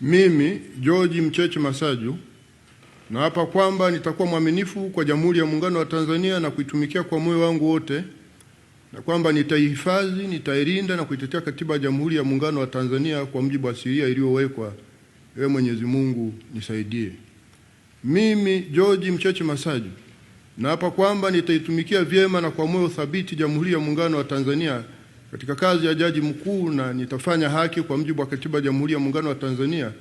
Mimi George Mcheche Masaju naapa kwamba nitakuwa mwaminifu kwa Jamhuri ya Muungano wa Tanzania na kuitumikia kwa moyo wangu wote, na kwamba nitaihifadhi, nitailinda na kuitetea Katiba ya Jamhuri ya Muungano wa Tanzania kwa mujibu wa sheria iliyowekwa. Ewe Mwenyezi Mungu nisaidie. Mimi George Mcheche Masaju naapa kwamba nitaitumikia vyema na kwa moyo thabiti Jamhuri ya Muungano wa Tanzania katika kazi ya jaji mkuu na nitafanya haki kwa mujibu wa katiba ya Jamhuri ya Muungano wa Tanzania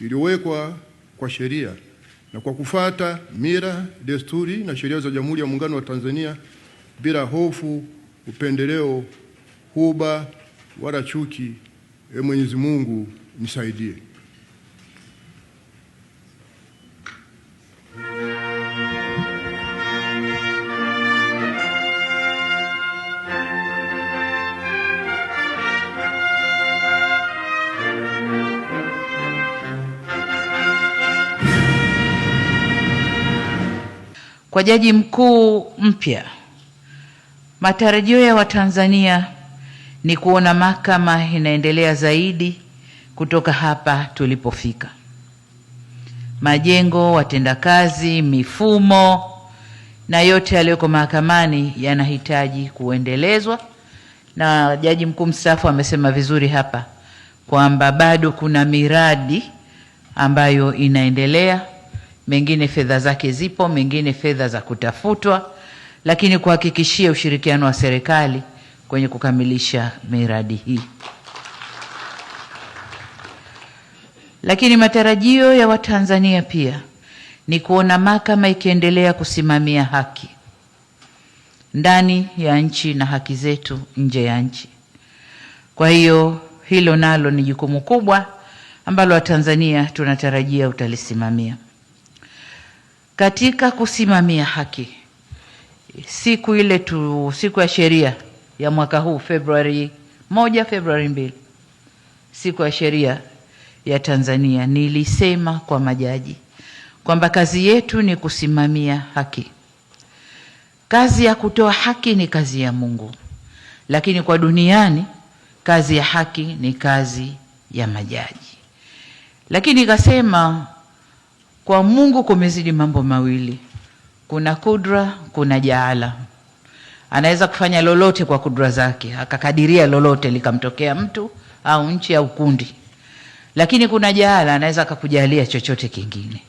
iliyowekwa kwa sheria na kwa kufata mira, desturi na sheria za Jamhuri ya Muungano wa Tanzania bila hofu, upendeleo, huba wala chuki. Ee Mwenyezi Mungu nisaidie. Kwa jaji mkuu mpya, matarajio ya Watanzania ni kuona mahakama inaendelea zaidi kutoka hapa tulipofika. Majengo, watendakazi, mifumo na yote yaliyoko mahakamani yanahitaji kuendelezwa, na jaji mkuu mstaafu amesema vizuri hapa kwamba bado kuna miradi ambayo inaendelea mengine fedha zake zipo, mengine fedha za kutafutwa, lakini kuhakikishia ushirikiano wa serikali kwenye kukamilisha miradi hii. Lakini matarajio ya Watanzania pia ni kuona mahakama ikiendelea kusimamia haki ndani ya nchi na haki zetu nje ya nchi. Kwa hiyo hilo nalo ni jukumu kubwa ambalo Watanzania tunatarajia utalisimamia. Katika kusimamia haki, siku ile tu, siku ya sheria ya mwaka huu Februari moja, Februari mbili, siku ya sheria ya Tanzania, nilisema kwa majaji kwamba kazi yetu ni kusimamia haki. Kazi ya kutoa haki ni kazi ya Mungu, lakini kwa duniani kazi ya haki ni kazi ya majaji. Lakini ikasema kwa Mungu kumezidi mambo mawili, kuna kudra, kuna jaala. Anaweza kufanya lolote kwa kudra zake, akakadiria lolote likamtokea mtu au nchi au kundi, lakini kuna jaala, anaweza akakujalia chochote kingine.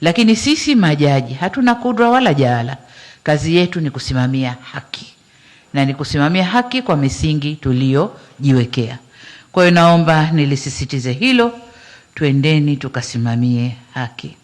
Lakini sisi majaji hatuna kudra wala jaala. Kazi yetu ni kusimamia haki na ni kusimamia haki kwa misingi tuliyojiwekea. Kwa hiyo naomba nilisisitize hilo, tuendeni tukasimamie haki.